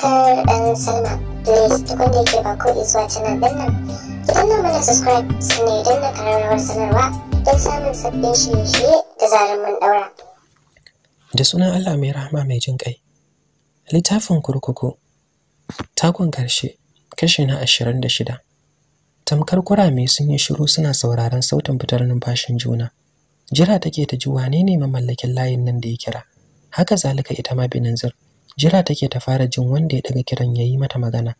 subscribe and sign up. Please ke subscribe sanarwa don samun sabbin shirye-shirye da zarar mun Allah mai rahama mai jin kai. Littafin kurkuku. Takon karshe kashi na ashirin da shida. Tamkar kurame sun yi shiru suna sauraron sautin fitar numfashin juna. Jira take ta ji wane ne mamallakin layin nan da ya kira. Haka zalika ita ma Binanzir jira take ta fara jin wanda ya daga kiran yayi mata magana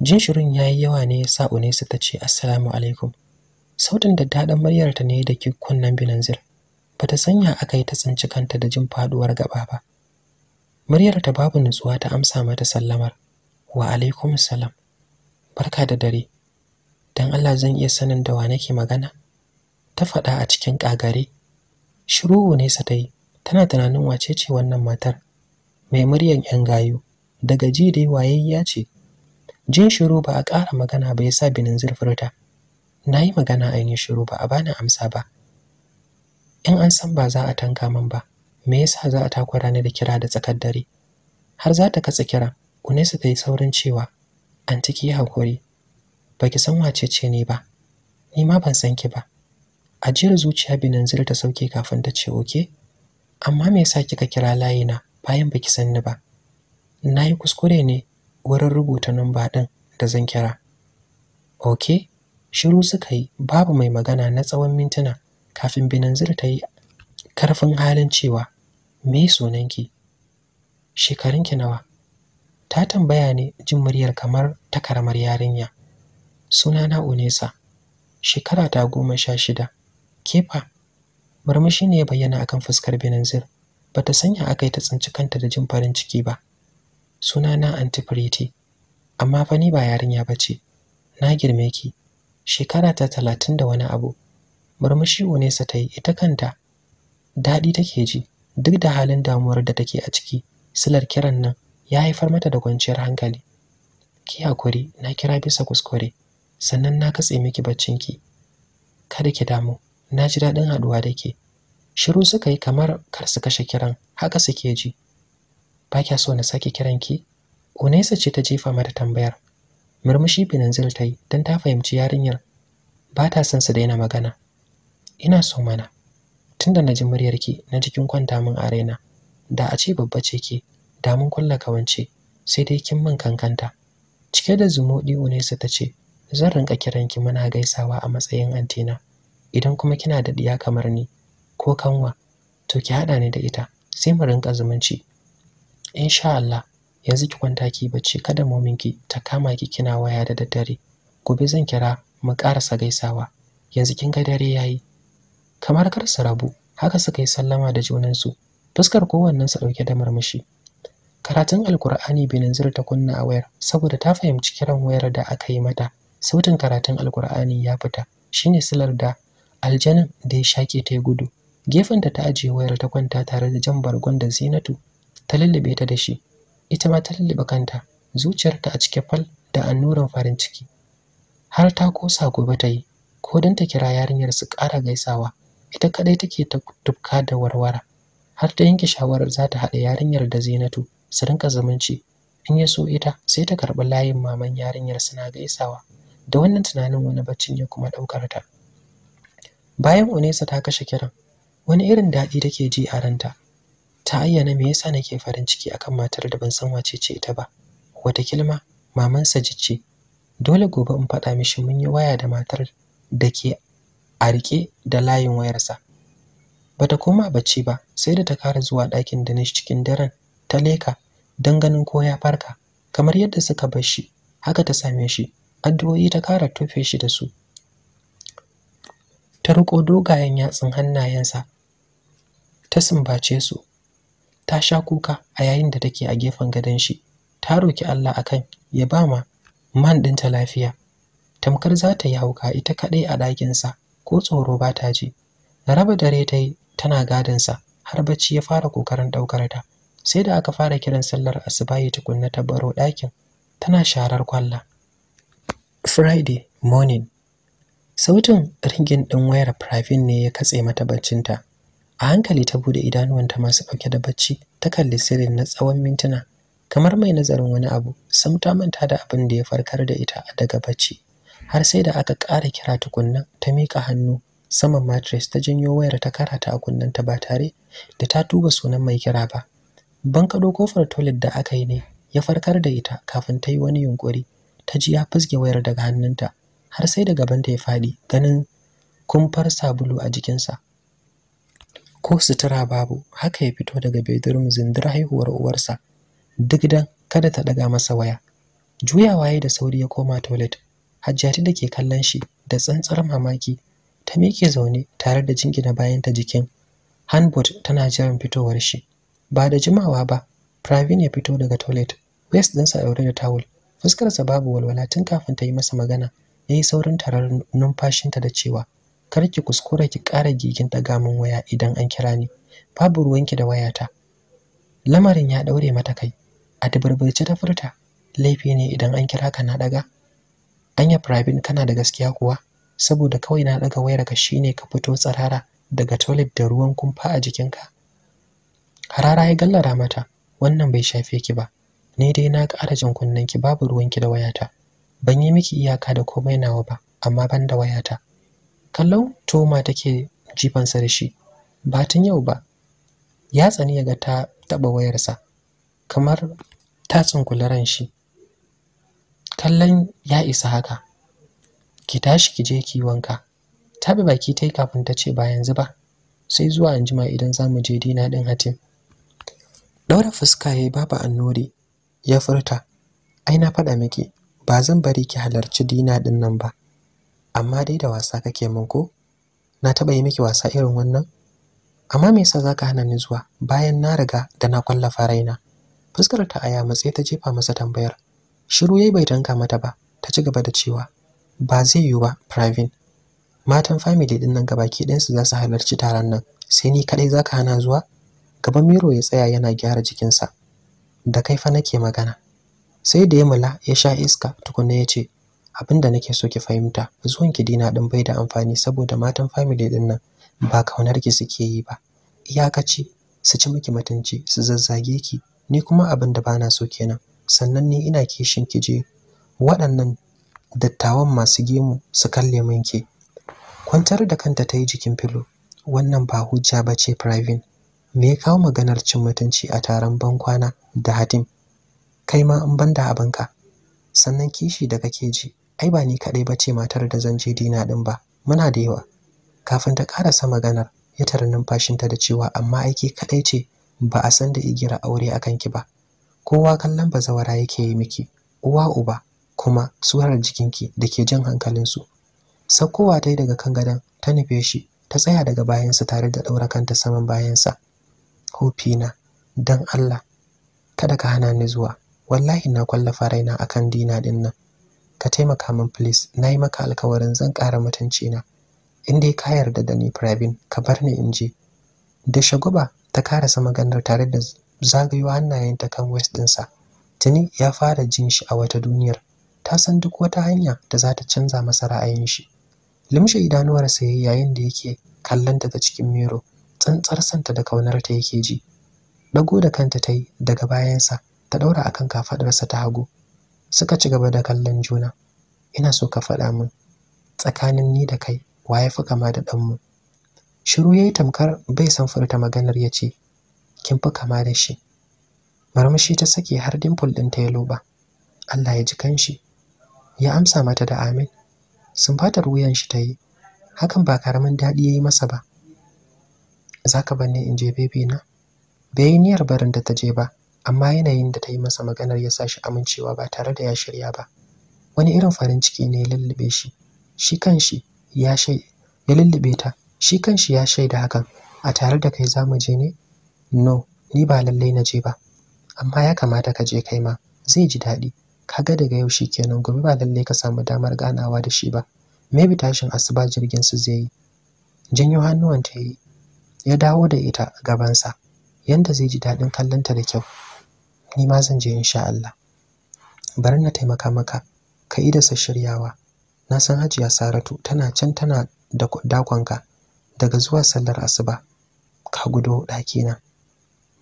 jin shirin yayi yawa ne yasa Unesa ta ce assalamu alaikum sautin da dadan muryarta ta ne da ke kunnan Binanzir bata sanya akai ta tsinci kanta da jin faduwar gaba ba Muryarta ta babu nutsuwa ta amsa mata sallamar wa alaikum salam barka da dare dan Allah zan iya sanin da wa nake magana ta faɗa a cikin kagare shiru Unaisu ta yi tana tunanin wace ce wannan matar mai muryar yan gayu Da ji wayayya ce jin shiru ba a ƙara magana ba ya sa binin zurfurta na yi magana an yi shiru ba a bani amsa ba in an san ba za a tanka min ba me ya sa za a takura ni da kira da tsakar dare har za ta katsa kira unesa ta yi saurin cewa an ciki haƙuri. ba ki san wace ce ne ba ni ma ban san ki ba ajiyar zuciya binin ta sauke kafin ta ce oke amma me ya sa kika kira layina bayan baki san ni ba nayi kuskure ne wurin rubuta namba din da zan kira Okay, shiru suka yi babu mai magana na tsawon mintuna kafin binanzir ta yi karfin halin cewa me sunanki shekarunki nawa ta tambaya ne jin muryar kamar ta karamar yarinya Suna na unesa shekara ta goma sha shida kefa murmushi ne ya bayyana akan fuskar binanzir bata sanya aka yi ta tsinci kanta da jin farin ciki ba sunana anti pretty amma fa ni ba yarinya bace na girme ki shekara ta talatin da wani abu murmushi Unesa ta yi ita kanta daɗi take ji duk da halin damuwar da take a ciki silar kiran nan ya haifar mata da kwanciyar hankali ki hakuri na kira bisa kuskure sannan na katse miki baccinki kada ki damu na ji daɗin haɗuwa da ke shiru suka yi kamar kar su kashe kiran haka suke ji ba kya so na sake kiran ki unaisa ce ta jefa mata tambayar murmushi binanzil ta yi don ta fahimci yarinyar ba ta son su daina magana ina so mana tunda na ji muryarki na jikin kwanta min a da a ce babba ce ke da mun kulla kawance sai dai kin min kankanta cike da zumuɗi unaisa ta ce zan rinka ki muna gaisawa a matsayin antina idan kuma kina da ɗiya kamar ni ko kanwa to ki haɗa ni da ita sai mu rinka zumunci insha Allah yanzu ki kwanta ki bacci kada mominki ta kama ki kina waya da daddare gobe zan kira mu karasa gaisawa yanzu kin ga dare yayi kamar kar su rabu haka suka yi sallama da junansu fuskar su dauke da murmushi. karatun alkur'ani binanzir ta kunna a wayar saboda ta fahimci kiran wayar da aka yi mata sautin karatun alkur'ani ya fita shine silar da aljanin da ya shake ta gudu gefenta ta ajiye wayar ta kwanta tare da jan bargon da zinatu ta lullube ta da shi ita ma ta lullube kanta zuciyarta a cike fal da annuran farin ciki har ta kosa gobe ta yi ko don ta kira yarinyar su ƙara gaisawa ita kadai take ta tufka da warwara har ta yanke shawarar za ta haɗa yarinyar da zinatu su rinka zumunci in ya so ita sai ta karɓi layin maman yarinyar suna gaisawa da wannan tunanin wani baccin ya kuma ɗaukar ta bayan unesa ta kashe kiran wani irin daɗi take ji a ranta ta ayyana me yasa nake farin ciki akan matar da ban san wace ce ita ba wata kilma maman Sajid dole gobe in faɗa mishi mun yi waya da matar da ke a riƙe da layin wayarsa bata koma bacci ba sai da ta kara zuwa ɗakin Danish cikin daren ta leka don ganin ko ya farka kamar yadda suka bar shi haka ta same shi addu'o'i ta kara tofe shi da su ta riƙo dogayen yatsun hannayensa ta sumbace su ta sha kuka a yayin da take a gefen gadon shi ta roki Allah akan ya ba ma man ɗinta lafiya tamkar za ta yi hauka ita kaɗai a sa ko tsoro ba ta ji raba dare ta yi tana sa har bacci ya fara kokarin ɗaukar ta sai da aka fara kiran sallar yi tukunna ta baro ɗakin tana sharar kwalla friday morning sautin ringin ɗin wayar pravin ne ya katse mata baccinta a hankali ta bude idanuwanta masu ɗauke da bacci ta kalli sirrin na tsawon mintuna kamar mai nazarin wani abu sam ta manta da abin da ya farkar da ita daga bacci har sai da aka ƙara kira tukunna ta miƙa hannu saman matres ta janyo wayar ta karata a kunnen ta ba tare da ta tuba sunan mai kira ba bankado kofar toilet da aka yi ne ya farkar da ita kafin ta yi wani yunƙuri ta ji ya fizge wayar daga hannunta har sai da gabanta ya faɗi ganin kumfar sabulu a jikinsa ko sutura babu haka ya fito daga bedroom zindir haihuwar uwarsa duk dan kada ta daga masa waya juyawa yayi da sauri ya koma toilet hajjati da ke kallon shi da tsantsar mamaki ta miƙe zaune tare da jingina bayan ta jikin handbot tana jiran fitowar shi ba da jimawa ba pravin ya fito daga toilet west ɗinsa ɗaure da tawul sa babu walwala tun kafin ta yi masa magana ya yi saurin tararin numfashinta da cewa kar ki kuskura ki ƙara gigin ɗaga min waya idan an kira ni babu ruwan ki da wayata lamarin ya ɗaure mata kai a dabarbarce ta furta laifi ne idan an kira ka na ɗaga anya private kana da gaskiya kuwa saboda kawai na ɗaga wayar ka shine ka fito tsarara daga toilet da ruwan kumfa a jikinka harara ya gallara mata wannan bai shafe ki ba ni dai na ƙara jan kunnen ki babu ruwanki da wayata ban yi miki iyaka da komai nawa ba amma ban da wayata kallon toma take jifansa da shi ba tun yau ba ya tsani ya ga ta taɓa wayarsa kamar ta tsunkula ran shi kallon ya isa haka ki tashi ki je ki wanka ta bi baki ta yi kafin ta ce ba yanzu ba sai zuwa anjima idan za mu je dina din hatim daura fuska ya yi babu annori ya furta ai na faɗa miki ba zan bari ki halarci dina din nan ba amma dai da wasa kake min ko na taɓa yi miki wasa irin wannan amma me yasa zaka hana ni zuwa bayan na riga da na kwallafa raina fuskar ta aya ta jefa masa tambayar shiru yayi bai danka mata ba ta ci gaba da cewa ba zai yiwu ba Pravin matan family din nan gabaki ɗayan su za su halarci taron nan sai ni kadai zaka hana zuwa gaban miro ya tsaya yana gyara jikinsa da kai fa nake magana sai da ya mula ya sha iska tukunna ya ce abin da nake so ki fahimta zuwan ki dina din bai da amfani saboda matan family din nan ba kaunar ki suke yi ba iyakaci su ci miki mutunci su zazzage ki ni kuma abin da bana so kenan sannan ni ina kishin ki je waɗannan dattawan masu gemu su kalle min ke kwantar da kanta ta yi jikin filo wannan ba hujja ba ce private Me ya kawo maganar cin mutunci a taron bankwana da Hatim? Kai ma in banda abinka. Sannan kishi da kake ji, ai ba ni kaɗai ba ce matar da zan je dina ɗin ba muna da yawa kafin ta ƙarasa maganar ya tara numfashinta da cewa amma aiki kaɗai ce ba a san da igiyar aure a kanki ba kowa kallon bazawara yake yi miki uwa uba kuma surar jikinki da ke jan hankalinsu saukowa ta yi daga kan gadon ta nufe shi ta tsaya daga bayansa tare da ɗaura kanta saman bayansa hofina don allah kada ka hana ni zuwa wallahi na kwallafa raina akan dina ɗin nan ka taimaka min please na yi maka alkawarin zan ƙara mutunci na in ya ka yarda da ni Pravin ka bar ni in je da shaguba ta karasa maganar tare da zagayo hannayenta kan West ɗinsa tuni ya fara jin shi a wata duniyar ta san duk wata hanya da za ta canza masa ra'ayin shi limshe idanuwarsa yayi yayin da yake kallon ta cikin mero tsantsar santa da kaunarta yake ji dago da kanta ta yi daga bayansa ta ɗaura akan kafaɗarsa ta hagu suka ci gaba da kallon juna ina so ka faɗa min tsakanin ni da kai wa ya fi kama da ɗanmu shiru ya yi tamkar bai san furta maganar ya ce kin fi kama da shi marmashi ta sake har ɗin ta ya loba allah ya ji kanshi ya amsa mata da amin sumbatar wuyan shi ta yi hakan ba karamin daɗi ya yi masa ba za ka banne in je bebe na bai yi niyyar barin da ta je ba amma yanayin da ta yi masa maganar ya sa shi amincewa ba tare da ya shirya ba wani irin farin ciki ne ya lullube shi shi kanshi ya lullube ta shi kanshi ya shaida hakan a tare da kai za mu je ne no ni ba lallai na je ba amma ya kamata ka je kai ma zai ji daɗi Ka ga daga yau shi kenan gobe ba lallai ka samu damar ganawa da shi ba maybe tashin asuba jirgin su zai yi janyo hannuwan ta yi ya dawo da ita gabansa yanda zai ji daɗin kallonta da kyau ni ma zan je insha Allah bari na taimaka maka ka sa shiryawa na san Hajiya Saratu tana can tana da dakonka daga zuwa sallar asuba ka gudo na.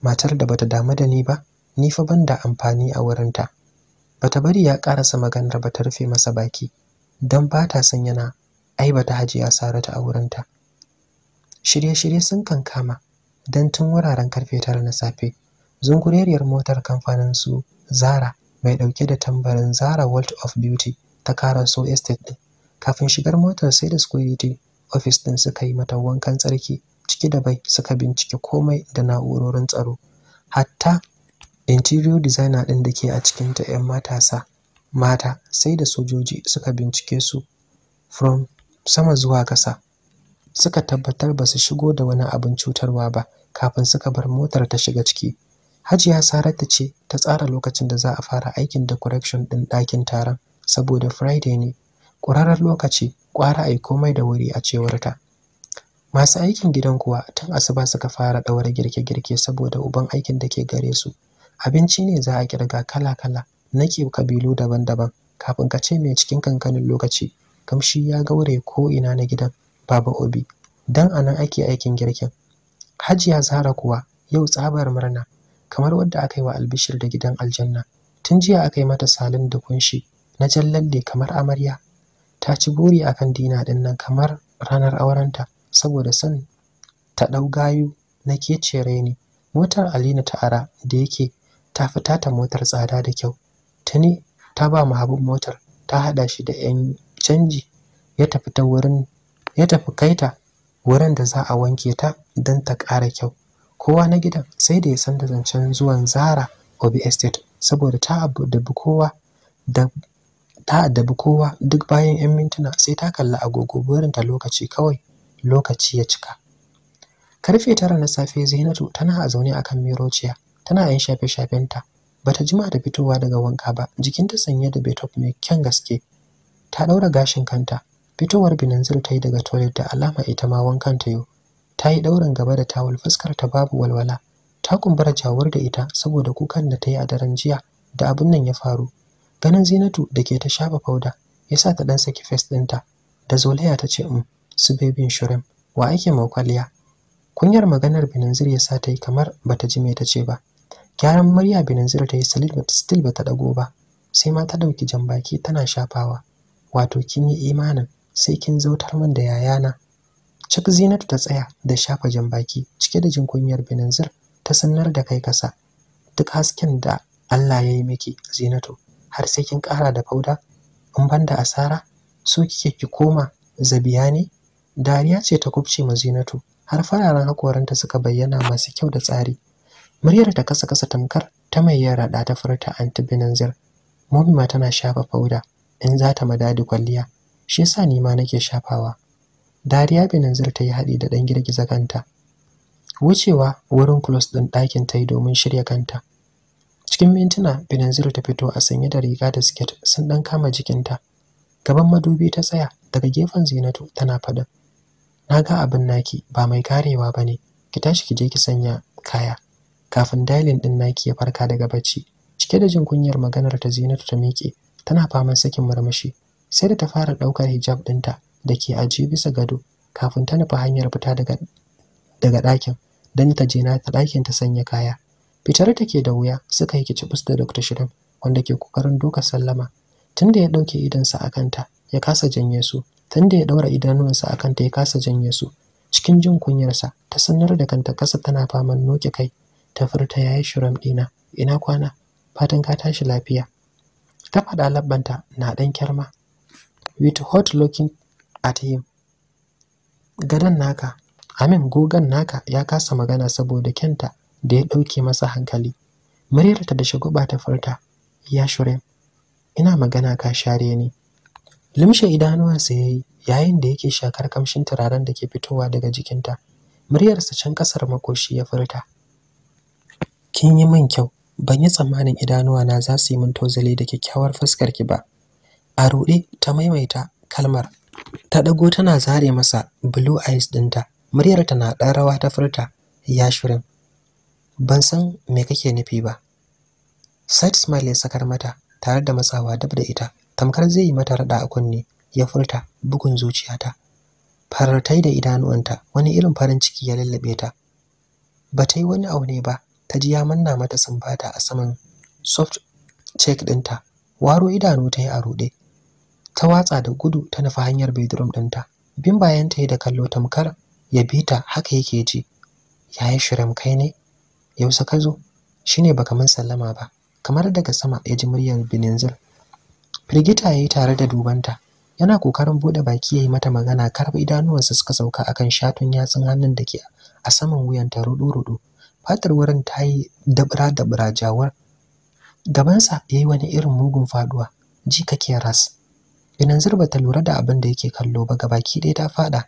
matar da bata damu da ni ba ni fa banda amfani a wurinta bata bari ya karasa maganar ba ta rufe masa baki dan ba ta san yana ai bata hajiya saratu a wurinta shirye-shirye sun kankama don tun wuraren karfe tara na safe zungureriyar motar kamfanin su zara mai ɗauke da tambarin zara world of beauty ta karaso estate ɗin kafin shigar motar sai da security office ɗin suka yi mata wankan tsarki ciki da bai suka bincike komai da na'urorin tsaro hatta interior designer ɗin da ke a cikin ta 'yan matasa mata sai da sojoji suka bincike su from sama zuwa ƙasa suka tabbatar ba su shigo da wani abin cutarwa ba kafin suka bar motar ta shiga ciki Hajiya Saratu ce ta tsara lokacin da za a fara aikin decoration ɗin ɗakin taron saboda Friday ne. Ƙwararren lokaci, ƙwara a yi komai da wuri a cewar ta. Masu aikin gidan kuwa tun asuba suka fara ɗaura girke-girke saboda uban aikin da ke gare su. Abinci ne za a ƙirga kala-kala na kabilu daban-daban kafin ka ce mai cikin kankanin lokaci. Kamshi ya gaure ko'ina na gidan Baba Obi, don a nan ake aikin girkin. Hajiya zara kuwa yau tsabar murna kamar wadda aka yi wa albishir da gidan aljanna tun jiya aka yi mata salin da kunshi na jallalle kamar amarya ta ci buri a kan dina din nan kamar ranar aurenta saboda son ta ɗau gayu na kecere ne motar alina ta ara da yake ta fita ta motar tsada da kyau tuni ta ba mahabin motar ta haɗa shi da 'yan canji ya tafi ta kaita wurin da za a wanke ta don ta ƙara kyau kowa na gidan sai da ya san da zancen zuwan zara obi estate saboda ta addabi kowa duk bayan 'yan mintuna sai ta kalli agogo burinta lokaci kawai lokaci ya cika karfe tara na safe zainatu tana a zaune akan merociya tana yin shafe-shafenta bata jima da fitowa daga wanka ba jikinta sanye da betop mai kyan gaske ta daura gashin kanta fitowar binanzir ta yi daga toilet da alama ita ma wankan ta yau ta yi ɗaurin gaba da tawul fuskar ta babu walwala ta kumbura jawar da ita saboda kukan da ta yi a daren jiya da abin nan ya faru ganin zinatu da ke ta shafa fauda ya sa ta ɗan saki fes ɗinta da zolaya ta ce in mm, su bebin shirin wa ake kwalliya? kunyar maganar binanzir ya sa ta yi kamar ba ta ji me ta ce ba gyaran murya binanzir ta yi salil bata still bata ɗago ba sai ma ta ɗauki jan baki tana shafawa wato kin yi imanin sai kin zautar min da yayana cik zinatu ta tsaya da shafa jan baki cike da jin kunyar binanzir ta sanar da kai kasa duk hasken da Allah ya yi miki zinatu har sai kin ƙara da fauda in ban da asara so kike ki koma zabiya ne dariya ce ta kubce ma zinatu har fararen hakoranta suka bayyana masu kyau da tsari muryar ta kasa kasa tamkar ta mai yara da ta furta anti binanzir mummy ma tana shafa fauda in za ta madadi kwalliya shi yasa ni ma nake shafawa dariya benanzir ta yi haɗi da ɗan girgiza kanta wucewa wurin kulos ɗin ɗakin ta yi domin shirya kanta cikin mintuna benanzir ta fito a sanye da riga da siket sun ɗan kama jikinta gaban madubi ta tsaya daga gefen zinatu tana faɗin na ga abin naki ba mai karewa ba ne ki tashi ki je ki sanya kaya kafin dailin ɗin naki ya farka daga bacci cike da jin kunyar maganar ta zinatu ta miƙe tana faman sakin murmushi sai da ta fara ɗaukar hijab ɗinta da ke ajiye bisa gado kafin ta nufi hanyar fita daga daga ɗakin don ta je na ta ɗakin ta sanya kaya fitar ta ke da wuya suka yi kicibus da Dr. Shirin wanda ke kokarin doka sallama tunda ya ɗauke idonsa a kanta ya kasa janye su tunda ya ɗaura idanuwansa a kanta ya kasa janye su cikin jin kunyarsa ta sanar da kanta kasa tana faman noke kai ta furta yayi shiram ɗina ina kwana fatan ka tashi lafiya ta faɗa labbanta na ɗan kyarma with hot looking Gadon naka, Amin gogan naka ya kasa magana saboda kyanta da ya ɗauke masa hankali. Muryarta da shaguba ta furta, ya shurem, ina magana ka share ni. Limshe idanuwansa ya yi yayin da yake shakar kamshin turaren da ke fitowa daga jikinta. Muryarsa can ƙasar makoshi ya furta. Kin yi min kyau, ban yi tsammanin idanuwana za su yi min tozali da kyakkyawar ki ba. A ruɗe ta maimaita kalmar ta ɗago tana zare masa blue eyes ɗinta muryarta na ɗan rawa ta furta ya shirin ban san me kake nufi ba side smile ya sakar mata tare da matsawa dab da ita tamkar zai yi mata raɗa a kunne ya furta bugun zuciyata farartai da idanuwanta wani irin farin ciki ya lallabe ta ba ta yi wani aune ba ta ji ya manna mata sumbata a saman soft check ɗinta waro idanu ta yi a ruɗe ta watsa da gudu ta nufa hanyar bedroom ɗinta bin bayan ta yi da kallo tamkar ya bi ta haka yake ji ya yi shirin kai ne yau ka zo shi ne baka min sallama ba kamar daga sama ya ji muryar bininzir firgita ya yi tare da dubanta yana kokarin buɗe baki ya yi mata magana kar idanuwansa suka sauka akan shatun yatsun hannun da ke a saman wuyanta rudu-rudu fatar wurin ta yi dabra-dabra jawar gabansa ya yi wani irin mugun faduwa ji kake ras Binanzir bata lura da abin da yake kallo ba gabaki ɗaya ta faɗa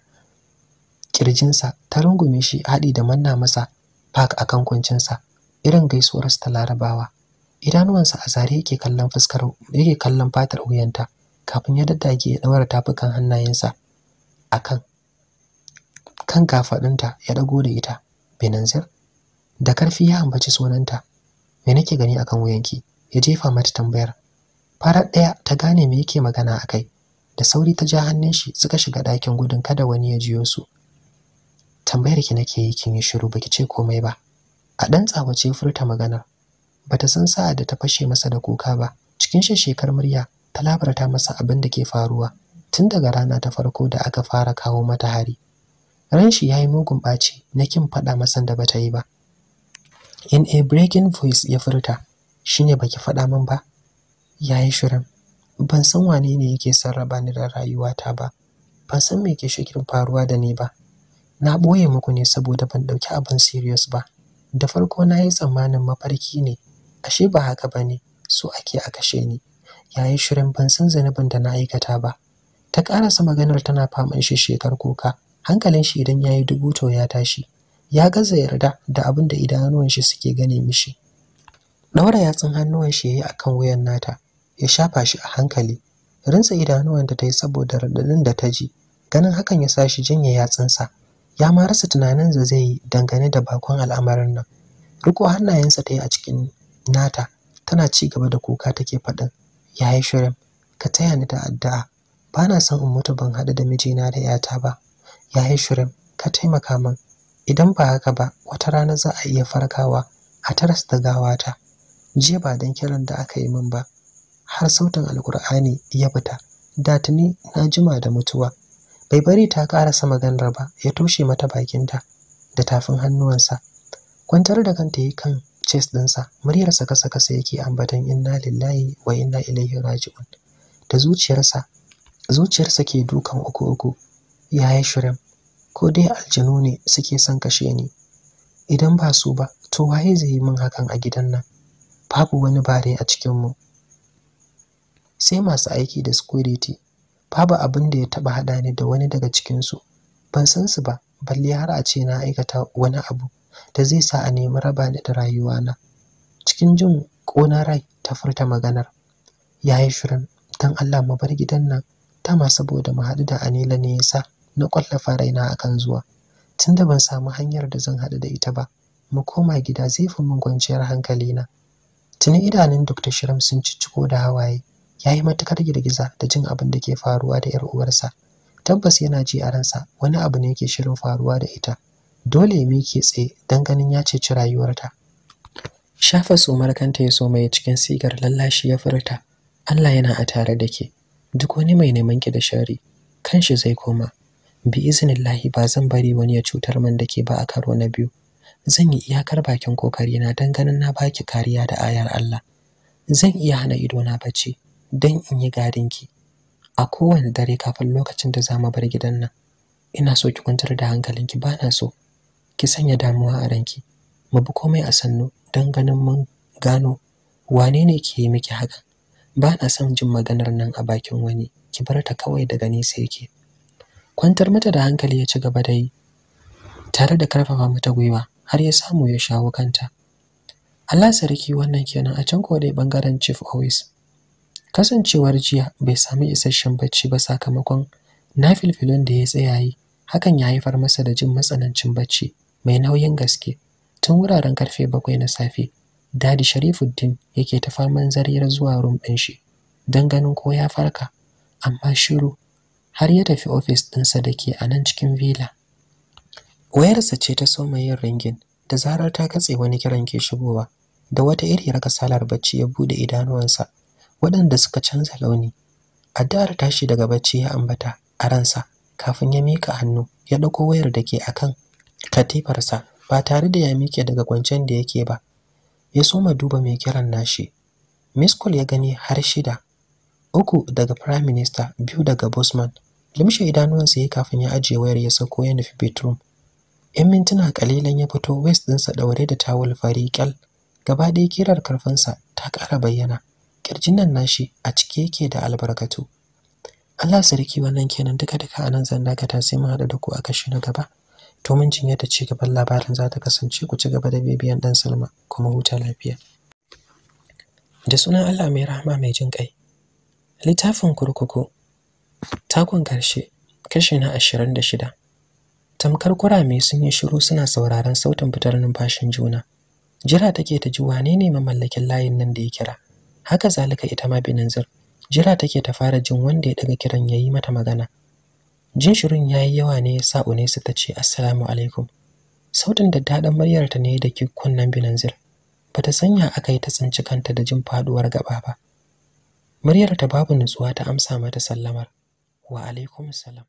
kirjinsa ta rungume shi haɗi da manna masa a akan kuncinsa irin gaisuwar ta larabawa idanuwansa a zare yake kallon fuskar yake kallon fatar wuyanta kafin ya daddage ya ɗaura tafukan hannayensa akan kan kafaɗinta ya ɗago da ita binanzir da karfi ya ambaci sunanta me nake gani akan wuyanki ya jefa mata tambayar farar ɗaya ta gane me yake magana a kai da sauri ta ja hannun shi suka shiga ɗakin gudun kada wani ya jiyo su tambayar ki nake yi kin yi shiru baki ce komai ba a ɗan tsawace furta maganar bata san sa'a da ta fashe masa da kuka ba cikin shekar murya ta labarta masa abin da ke faruwa tun daga rana ta farko da aka fara kawo mata hari ran shi yayi mugun ɓaci na kin faɗa masan da bata yi ba in a breaking voice ya furta shine baki faɗa min ba ya yi shirin ban san wane ne yake sarraba ni da rayuwata ba ban san me ke shirin faruwa da ni ba na ɓoye muku ne saboda ban ɗauki abin serious ba da farko na yi tsammanin mafarki ne ashe ba haka ba ne so ake a kashe ni ya yi shirin ban san zanubin da na aikata ba ta ƙarasa maganar tana faman shi shekar kuka hankalin shi idan ya yi dubu to ya tashi ya gaza yarda da abin da idanuwan shi suke gane mishi ɗaura yatsun hannuwan shi ya yi akan wuyan nata ya shafa shi a hankali rinsa da ta yi saboda raɗaɗin da ta ji ganin hakan ya sa shi ya yatsunsa ya ma rasa tunanin da zai dangane da bakon al'amarin nan riko hannayensa ta yi a cikin nata tana ci gaba da kuka take faɗin ya yi shirin ka taya ni da addu'a ba na son in mutu ban haɗu da mijina da yata ba ya yi shirin ka taimaka min idan ba haka ba wata rana za a iya farkawa a taras da gawata jiya ba don kiran da aka yi min ba har sautin alkur'ani ya fita da tuni na jima da mutuwa bai bari ta karasa maganar ba ya toshe mata bakinta da tafin hannuwansa kwantar da kanta yi kan chest dinsa muryarsa kasa kasa yake ambatan inna lillahi wa inna ilaihi raji'un da zuciyarsa zuciyarsa ke dukan uku uku yaya shirin ko dai aljanu ne suke son kashe ni idan ba su ba to waye zai yi min hakan a gidan nan babu wani bare a cikinmu sai masu aiki da security babu abin da ya taɓa haɗa ni da wani daga cikin su ban san su ba balle har a ce na aikata wani abu da zai sa a nemi raba ni da rayuwana cikin jin ƙona rai ta furta maganar yayi shirin dan allah mu bar gidan nan Tama saboda mu haɗu da anila ne ya sa na ƙwallafa raina akan zuwa tunda ban samu hanyar da zan haɗu da ita ba mu koma gida zai fi min kwanciyar na. tuni idanun dr shiram sun cicciko da hawaye ya yi matukar girgiza da jin abin da ke faruwa da 'yar uwarsa tabbas yana ji a ransa wani abu ne ke shirin faruwa da ita dole ya ke tsaye don ganin ya ceci rayuwarta shafa sumar kanta ya so mai cikin sigar lallashi ya furta Allah yana a tare da ke duk wani mai neman ki da shari shi zai koma bi iznillahi ba zan bari wani ya cutar man da ke ba a karo na biyu zan yi iyakar bakin kokari na don ganin na baki kariya da ayar Allah zan iya hana idona bacci don in yi ki. a kowane dare kafin lokacin da za mu bar gidan nan ina so ki kwantar da hankalinki ba na so ki sanya damuwa a ranki mu bi komai a sannu don ganin mun gano wane ne ke yi miki haka ba na son jin maganar nan a bakin wani ki bar ta kawai daga nesa yake kwantar mata da hankali ya ci gaba da yi tare da karfafa mata gwiwa har ya samu ya shawo kanta Allah sarki wannan kenan a can kodai bangaren Chief Always Kasancewar jiya bai sami isasshen bacci ba sakamakon Na nafilfilun da ya tsaya yi, hakan ya haifar masa da jin matsanancin bacci mai nauyin gaske. Tun wuraren karfe bakwai na safe, Dadi Sharifuddin yake ta faman zariyar zuwa rum ɗin shi don ganin ko ya farka, amma shiru har ya tafi ofis ɗinsa da ke a nan cikin vila Wayarsa ce ta soma yin ringin da zarar ta katse wani kiran ke shigowa da wata iri kasalar bacci ya bude idanuwansa waɗanda suka canza launi addu'ar tashi daga bacci ya ambata a ransa kafin ya mika hannu ya ɗauko wayar da ke akan katifarsa ba tare da ya miƙe daga kwancen da yake ba ya soma duba mai kiran nashi Miskul ya gani har shida uku daga prime minister biyu daga bosman limshe idanuwansa ya kafin ya ajiye wayar ya sauko ya nufi bedroom yan mintuna kalilan ya fito west ɗinsa ɗaure da tawul fari kyal gaba ɗaya kirar karfinsa ta ƙara bayyana kirjin nan nashi a cike yake da albarkatu Allah sarki wannan kenan duka duka anan zan ta sai mun hada da ku a kashi na gaba to mun jinya ta ci gaban labarin za ta kasance ku ci gaba da bibiyan dan Salma kuma huta lafiya da sunan Allah mai rahama mai jin kai littafin kurkuku takon karshe kashi na 26 tamkar kurame sun yi shiru suna sauraron sautin fitar numfashin juna jira take ta ji wane ne mamallakin layin nan da ya kira haka zalika ita ma binanzir jira take ta fara jin wanda ya daga kiran yayi mata magana jin shirin yayi yawa ne yasa Unesa ta ce assalamu alaikum sautin da dadan muryarta ta ne da ke kunnan binanzir bata sanya yi ta tsinci kanta da jin faduwar gaba ba Muryarta ta babu nutsuwa ta amsa mata sallamar wa alaikum salam